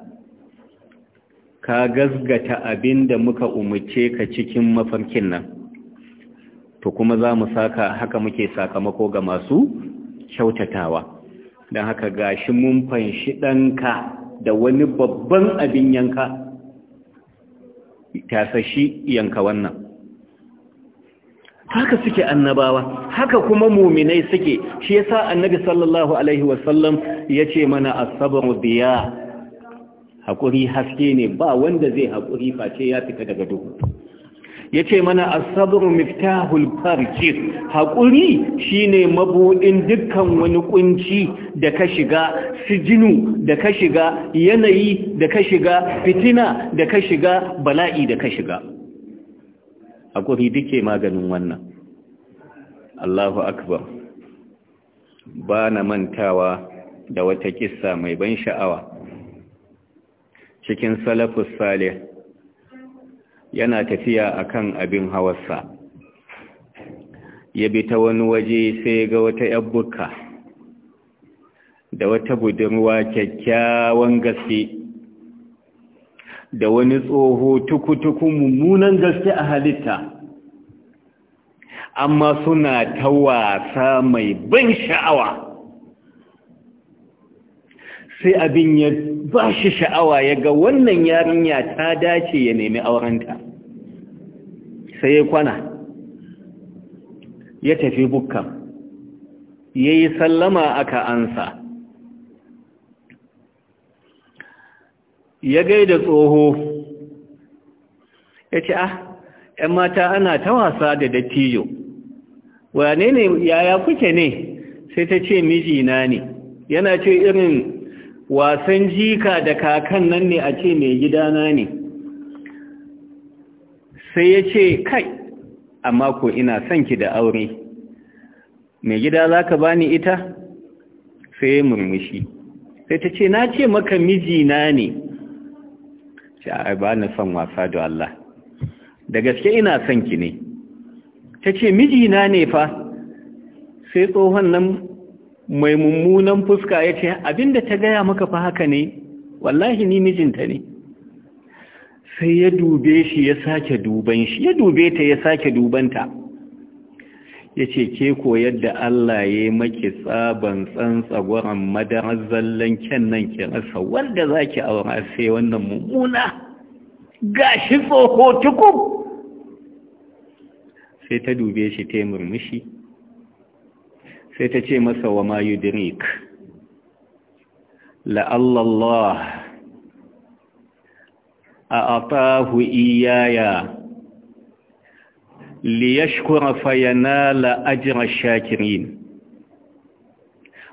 ka gasgata abin da muka umarce ka cikin mafarkin nan to kuma za mu saka haka muke sakamako ga masu kyautatawa don haka gashi mun fanshi ɗanka da wani babban abin yanka tasashi yanka wannan haka suke annabawa haka kuma muminai suke shi yasa annabi sallallahu alaihi wasallam ce mana Asabar biya Haƙuri haske ne ba wanda zai haƙuri face ya fita daga duhu ya ce mana mifta miftahul ce haƙuri shi ne mabuɗin dukkan wani ƙunci da ka shiga sijinu da ka shiga yanayi da ka shiga fitina da ka shiga bala'i da ka shiga haƙuri duke maganin wannan Allahu akbar ba na mantawa da wata kissa mai ban sha'awa cikin salafus salih yana tafiya akan abin hawarsa ya bi ta wani waje sai ga wata yabbuka da wata budurwa kyakkyawan gaske da wani tsoho tukutuku mummunan gaske a halitta amma suna ta wasa mai ban sha'awa sai abin ya ba shi sha'awa ya ga wannan yarinya ta dace ya nemi aurenta sai ya kwana ya tafi bukkan ya yi sallama aka ansa ya gaida tsoho ya ce ah ‘yan mata ana ta wasa da dattijo wane ne yaya kuke ne sai ta ce mijina ne yana ce irin wasan jika da kakan nan ne a ce mai gidana ne sai ya ce kai amma ko ina son ki da aure mai gida za ka bani ita sai ya murmushi sai ta ce na ce maka mijina ne ce a ba na son wasa da Allah da gaske ina son ki ne ta ce mijina ne fa sai tsohon nan mai mummunan fuska ya ce abinda ta gaya maka fa haka ne wallahi ni mijinta ne sai ya dube shi ya sake duban shi ya dube ta ya sake dubanta ya ce ke ko da Allah ya maki tsaban tsantsagoran madarar zallan kyan nan rasa, wanda za ki aura sai wannan mummuna Ga shi tsoho tukub sai ta dube shi ta yi murmushi sai ta ce masa wa ma dirik. la'allallah a atahu iyaya liyashkura fayanala la'ajira shakirin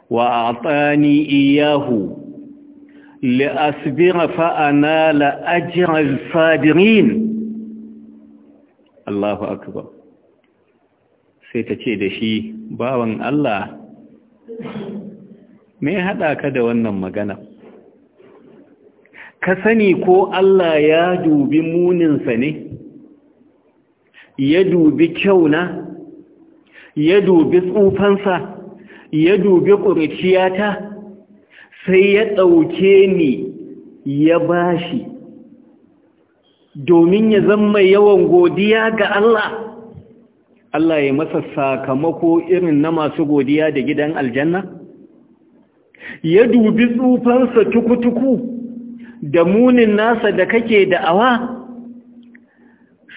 wa atani iyahu liasbira fa'anala la'ajira sadirin? Allahu akbar sai ta ce da shi bawan Allah me haɗa ka da wannan magana ka sani ko Allah ya dubi muninsa ne ya dubi kyau na? ya dubi tsufansa ya dubi ƙurciyata sai ya ɗauke ni ya bashi domin ya zama yawan godiya ga Allah Allah ya masa sakamako irin na masu godiya da gidan aljanna ya dubi tsufansa tukutuku da munin nasa da kake da awa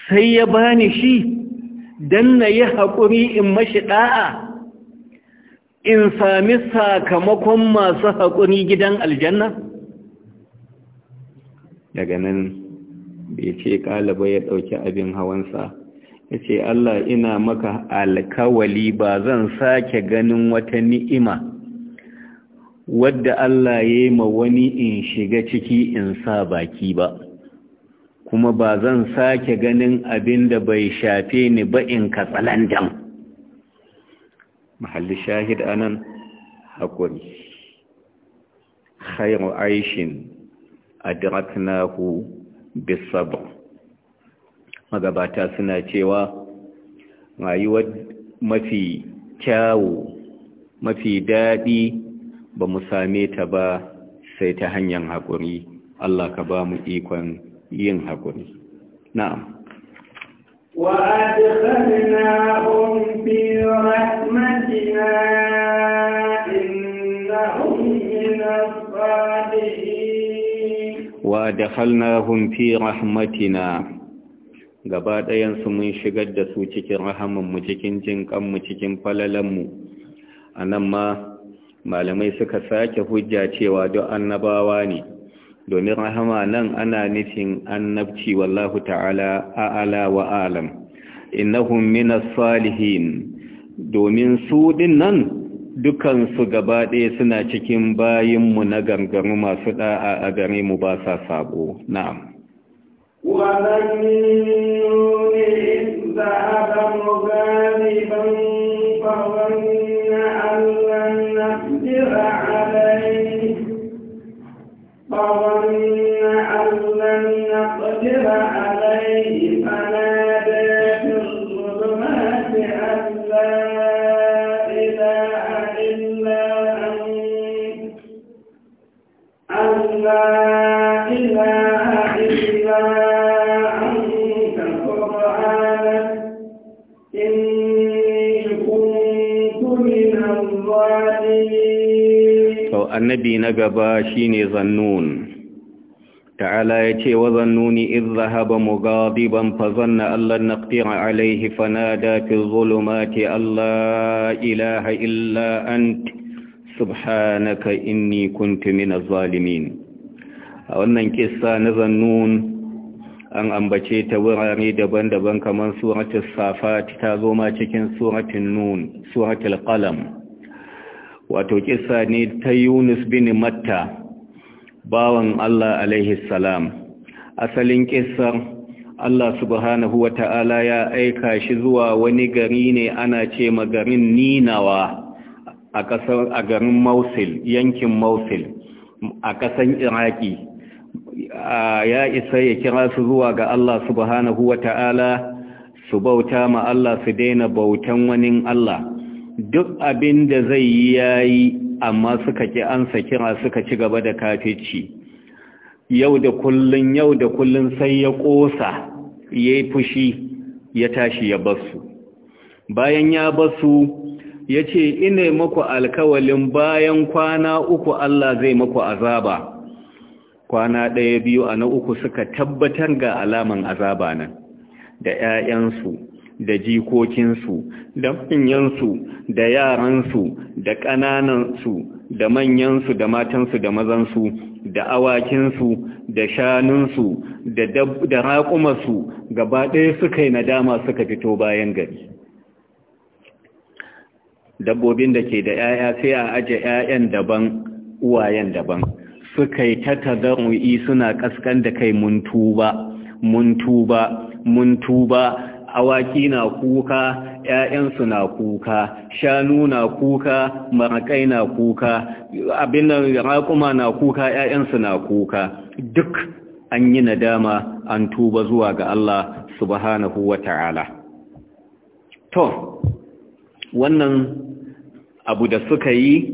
sai ya bani shi don na yi haƙuri in mashi ɗa'a in sami sakamakon masu haƙuri gidan aljanna daga nan bai ce ƙalaba ya ɗauki abin hawansa ya ce Allah ina maka alkawali ba zan sake ganin wata ni'ima wadda Allah ya yi ma wani in shiga ciki in sa baki ba kuma ba zan sake ganin abin da bai shafe ni ba in katsalandan mahalli shahid anan haƙuri khairu aishin adraknahu bisabr magabata suna cewa rayuwar mafi kyawu mafi daɗi ba mu same ta ba sai ta hanyar haƙuri Allah ka ba mu ikon yin haƙuri na'am وأدخلناهم في رحمتنا إنهم من الصالحين وأدخلناهم في رحمتنا gaba ɗayansu mun shigar da su cikin rahamanmu cikin jinƙanmu cikin falalanmu a nan ma malamai suka sake hujja cewa duk annabawa ne domin rahama nan ana nufin annabci wallahu ta'ala a'ala wa alam innahum minas salihin domin su din nan dukansu gaba ɗaya suna cikin bayinmu na gangaru masu ɗa'a a gare mu ba sa sabo na'am ومن ذهبا غالبا فظن أن لن نقدر عليه فظن أن لن نقدر عليه annabi na gaba shine zannun ta'ala ya ce wa zannuni iz zahaba mugadiban fa zanna allan naqtira alayhi fanada fi dhulumati allah ilaha illa ant subhanaka inni kuntu minaz zalimin a wannan kissa na zannun an ambace ta wurare daban-daban kamar suratul safat ta zo ma cikin suratul nun suratul qalam wato ƙisa ne ta Yunus bin Matta bawan Allah alaihi salam asalin ƙisar Allah subhanahu wa ta'ala ya aika shi zuwa wani gari ne ana ce garin Ninawa a kasar a garin mausil yankin mausil a kasan Iraki ya isa ya kira su zuwa ga Allah subhanahu wa ta'ala su bauta ma Allah su daina bautan wani Allah duk abin da zai yi yayi amma suka ki ansa kira suka ci gaba da kafici yau da kullun yau da kullun sai ya kosa yi fushi ya tashi ya basu bayan ya basu ce ina maku alkawalin bayan kwana uku Allah zai maku azaba kwana ɗaya biyu a na uku suka tabbatar ga alaman azaba nan da 'ya'yansu da jikokinsu da manyansu da yaransu da ƙananansu da manyansu da matansu da mazansu da awakinsu da shanunsu da raƙumarsu gaba ɗaya suka yi nadama suka fito bayan gari dabbobin da ke da 'ya'ya sai a aje 'ya'yan daban uwayen daban suka yi ta tadarui suna ƙasƙan da kai mun tuba mun tuba mun tuba awaki na kuka ‘ya'yansu na kuka shanu na kuka marakai na kuka abin da raƙuma na kuka ‘ya'yansu na kuka duk an yi nadama an tuba zuwa ga Allah subhanahu wa ta'ala to wannan abu da suka yi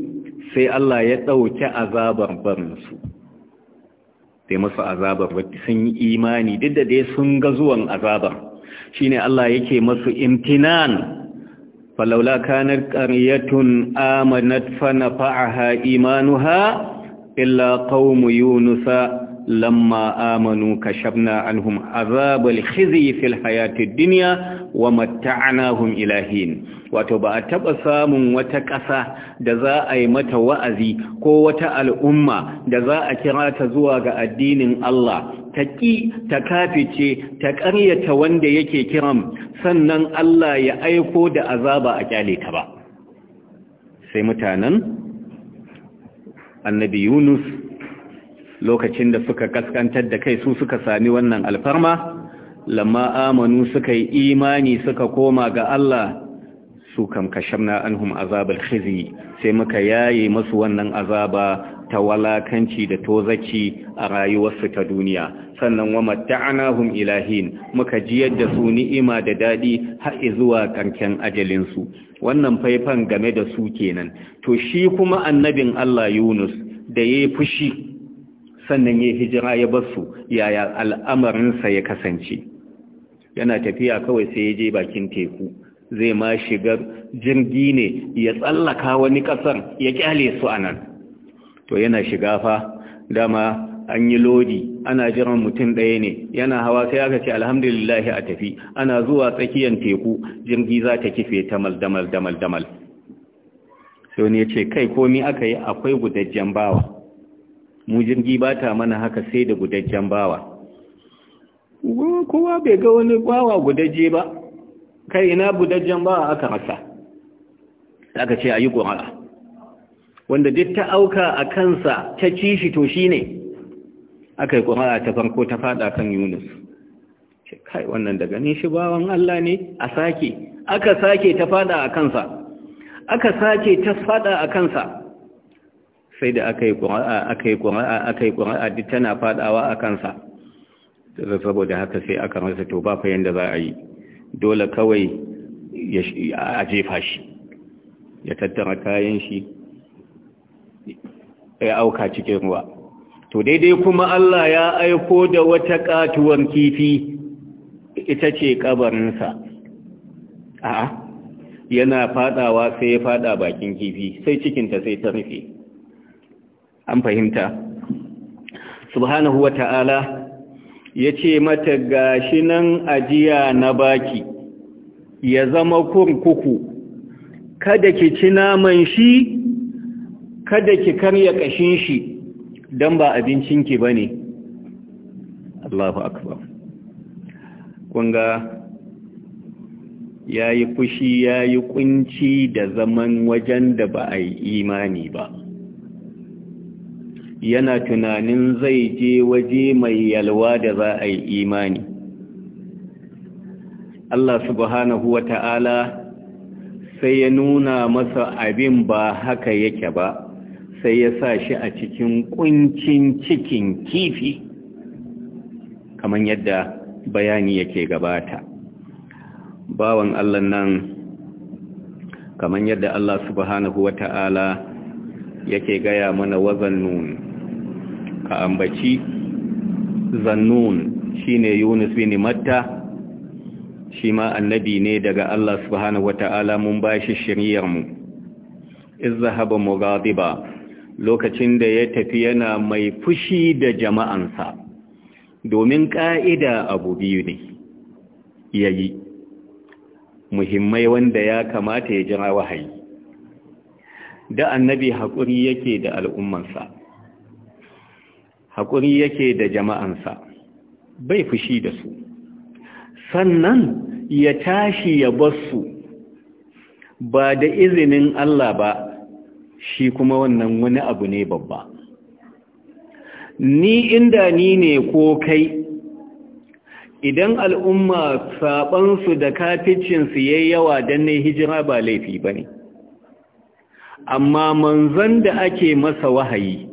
sai Allah ya ɗauki azabar barinsu sai masu azabar sun yi imani duk da dai sun ga zuwan azabar shine Allah yake masu imtinan falaula kanar qaryatun amanat fa nafa'aha imanuha illa qaumu yunusa lamma amanu kashabna anhum azabal khizi fil hayatid dunya wa matta'nahum ilahin wato ba a taba samun wata ƙasa da za a yi mata wa'azi ko wata al'umma da za a kira ta zuwa ga addinin Allah ta ƙi ta kafice ta ƙaryata wanda yake kiran sannan Allah ya aiko da azaba a kyale ta ba sai mutanen annabi Yunus lokacin da suka kaskantar da kai su suka sami wannan alfarma lamma amanu suka yi imani suka koma ga Allah su kam kashamna anhum azabal khizi sai muka yaye masu wannan azaba ta walakanci da tozaci a rayuwarsu ta duniya sannan wa matta'anahum ilahin muka jiyar da su ni'ima da dadi har zuwa kankan ajalin su wannan faifan game da su kenan to shi kuma annabin Allah Yunus da yayi fushi sannan ya hijira ya bar su, yaya al'amarinsa ya kasance yana tafiya kawai sai ya je bakin teku zai ma shiga jirgi ne ya tsallaka wani ƙasar ya kyale su a nan to yana shiga fa dama an yi lodi ana jiran mutum ɗaya ne yana hawa sai aka ce alhamdulillahi a tafi ana zuwa tsakiyar teku jirgi za ta kife ta maldamal damal damal sai wani ya ce kai komi aka yi akwai gudajjen bawa mu jirgi ba ta mana haka sai da gudajjen bawa kowa bai ga wani bawa gudaje ba kai ina gudajjen bawa aka rasa aka ce a yi ƙura wanda duk ta auka a kansa ta ci shi to shi ne aka yi ƙura ta farko ta fada kan yunus kai wannan da ne shi bawan Allah ne a sake aka sake ta fada a kansa aka sake ta fada a kansa sai da aka yi ƙura'a aka yi ƙura'a duk tana faɗawa a kansa saboda haka sai aka rasa, to ba fa yanda za a yi dole kawai a jefa shi ya tattara kayan shi ya auka cikin ruwa to daidai kuma Allah ya aiko da wata katuwar kifi ita ce kabarinsa a'a yana fadawa sai ya fada bakin kifi sai cikinta sai ta rufe an fahimta subhanahu wa ta'ala ya ce mata gashi nan ajiya na baki ya zama kurkuku kada ki ci naman shi kada ki karya kashin shi don ba abincinki ba ne Allahu akbar kunga ya yi fushi ya yi kunci da zaman wajen da ba a yi imani ba yana tunanin zai je waje mai yalwa da za a yi imani Allah subhanahu wa ta'ala sai ya nuna masa abin ba haka yake ba sai ya sa shi a cikin kuncin cikin kifi kamar yadda bayani yake gabata bawan Allah nan kamar yadda Allah subhanahu wa ta'ala yake gaya mana wazan nuni ka ambaci zannun ne yunus bin matta shi ma annabi ne daga Allah subhanahu ta'ala mun bashi shiriyar mu izahaba mugadiba lokacin da ya tafi yana mai fushi da jama'ansa domin ka'ida abu biyu ne yayi muhimmai wanda ya kamata ya jira wahayi da annabi haƙuri yake da al'ummansa haƙuri yake da jama'ansa bai fushi da su sannan ya tashi ya basu ba da izinin Allah ba shi kuma wannan wani abu ne babba ni inda ni ne ko kai idan al'umma saɓansu da kaficinsu ya yawa don ne hijira ba laifi ba ne amma manzan da ake masa wahayi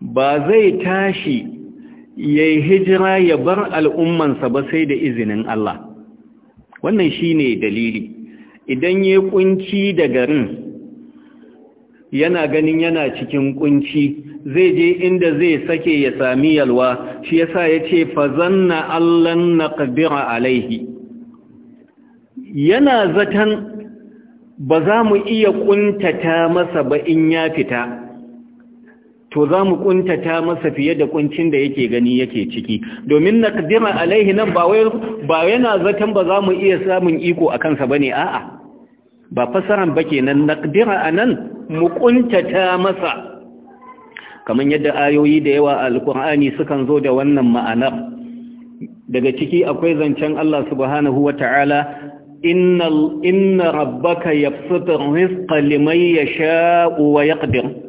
ba zai tashi ya yi hijira ya bar al'ummansa ba sai da izinin Allah wannan shi ne dalili idan ya kunci da garin yana ganin yana cikin kunci zai je inda zai sake ya sami yalwa shi yasa ya ce fazanna allan na ƙabira alaihi yana zaton ba za mu iya ƙuntata masa ba in ya fita to za mu ƙuntata masa fiye da ƙuncin da yake gani yake ciki domin na kadira alaihi nan ba yana zaton ba za mu iya samun iko a kansa ba ne a'a ba fasaran ba kenan na kadira a nan mu ƙuntata masa kamar yadda ayoyi da yawa a alkur'ani sukan zo da wannan ma'anar daga ciki akwai zancen Allah subhanahu wa ta'ala inna rabbaka yabsutu rizqa liman yasha'u wa yaqdir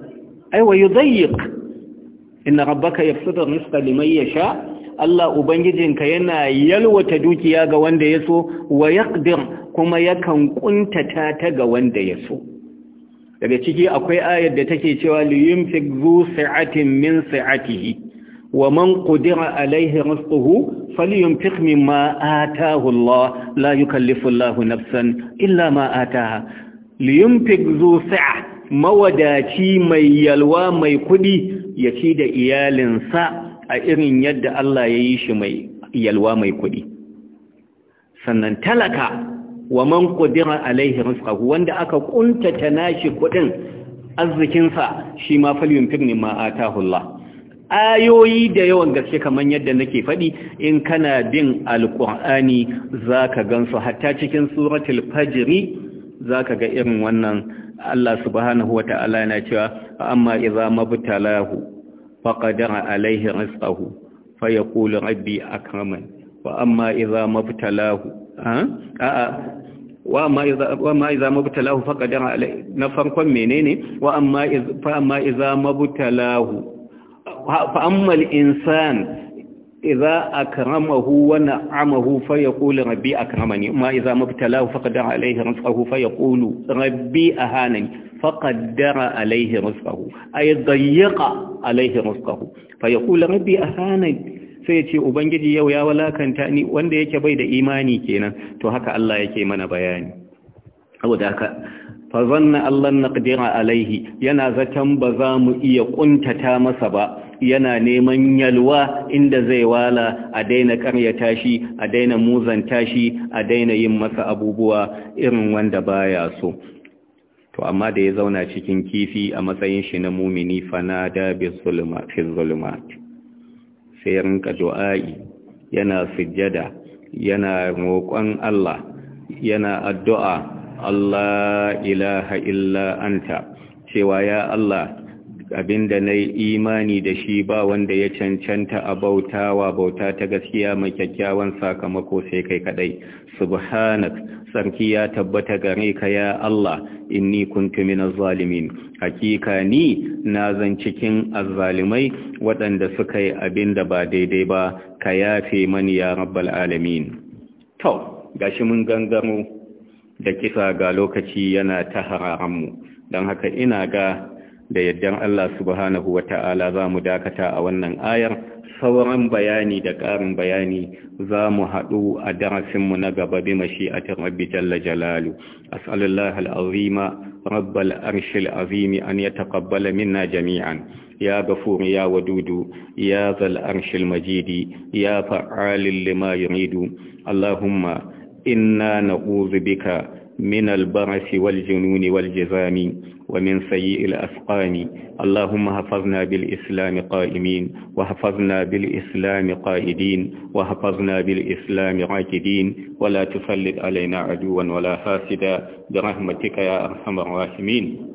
aiwa yi zayyik inna rabbaka ya fi rizqa liman sha. Allah ubangijinka yana yalwata dukiya ga wanda ya so wa kuma yakan ƙuntata ta ga wanda ya so daga ciki akwai ayar da take cewa liyunfik zu sa'atin min sa'atihi wa man ƙudira alaihi rizquhu falyunfiq mimma ataahu Allah la yukallifu Allahu nafsan illa ma ataaha liyunfik zu sa'ah mawadaci mai yalwa mai kudi ya ci da iyalinsa a irin yadda Allah ya yi shi mai yalwa mai kudi sannan talaka wa man qadira alaihi rizqahu wanda aka kuntata nashi kudin arzikinsa shi ma falyun firni ma ta hula. ayoyi da yawan gaske kamar yadda nake faɗi in kana bin alƙur'ani zaka gansu hatta cikin suratul fajr zaka ga irin wannan Allah subhanahu wa ta'ala yana cewa amma idza mabtalahu faqadara alaihi rasahu fa ya fayaqulu rabbi a akraman wa amma idza mabtalahu a'a wa amma iza mabtalahu faqadara alaihi na farkon menene wa amma fa amma iza mabtalahu fa ammal insan idza akramahu wa na'amahu fa yaqulu rabbi akramani ma idza mubtalahu faqadara alayhi rizqahu fa yaqulu rabbi ahanani faqadara alayhi rizqahu ay dayyaqa alayhi rizqahu fa rabbi ahanani sai ce ubangiji yau ya walakanta ni wanda yake bai da imani kenan to haka Allah yake mana bayani saboda haka fa zanna na ƙadira alaihi yana zaton ba za mu iya ƙuntata masa ba yana neman yalwa inda zai wala a daina karyata shi a daina muzanta shi a daina yin masa abubuwa irin wanda baya so to amma da ya zauna cikin kifi a matsayin shi na mumini fanada bi sai rinka du'a'i yana sujjada yana roƙon Allah yana addu'a Allah ilaha illa anta cewa ya Allah abin da na imani da shi ba wanda ya cancanta a bautawa bauta ta gaskiya mai kyakkyawan sakamako sai kai kadai subhanak sarki ya tabbata gare ka ya Allah inni kuntu minaz zalimin hakika ni na zan cikin azzalimai waɗanda suka yi abinda ba daidai ba ka yafe mani ya rabbal alamin to gashi mun gangaro da kisa ga lokaci yana ta hararanmu don haka ina ga da yaddan Allah subhanahu wa ta'ala za mu dakata a wannan ayar sauran bayani da ƙarin bayani za mu haɗu a darasinmu na gaba bi a rabbi jalla jalalu as'alullah al'azima rabbal arshil azimi an ya taƙabbala minna jami'an ya غفور يا ودود يا ذا العرش المجيد يا فعال لما يريد اللهم إنا نعوذ بك من البرس والجنون والجزام ومن سيء الأسقام اللهم حفظنا بالإسلام قائمين وحفظنا بالإسلام قائدين وحفظنا بالإسلام عاكدين ولا تسلط علينا عدوا ولا حاسدا برحمتك يا أرحم الراحمين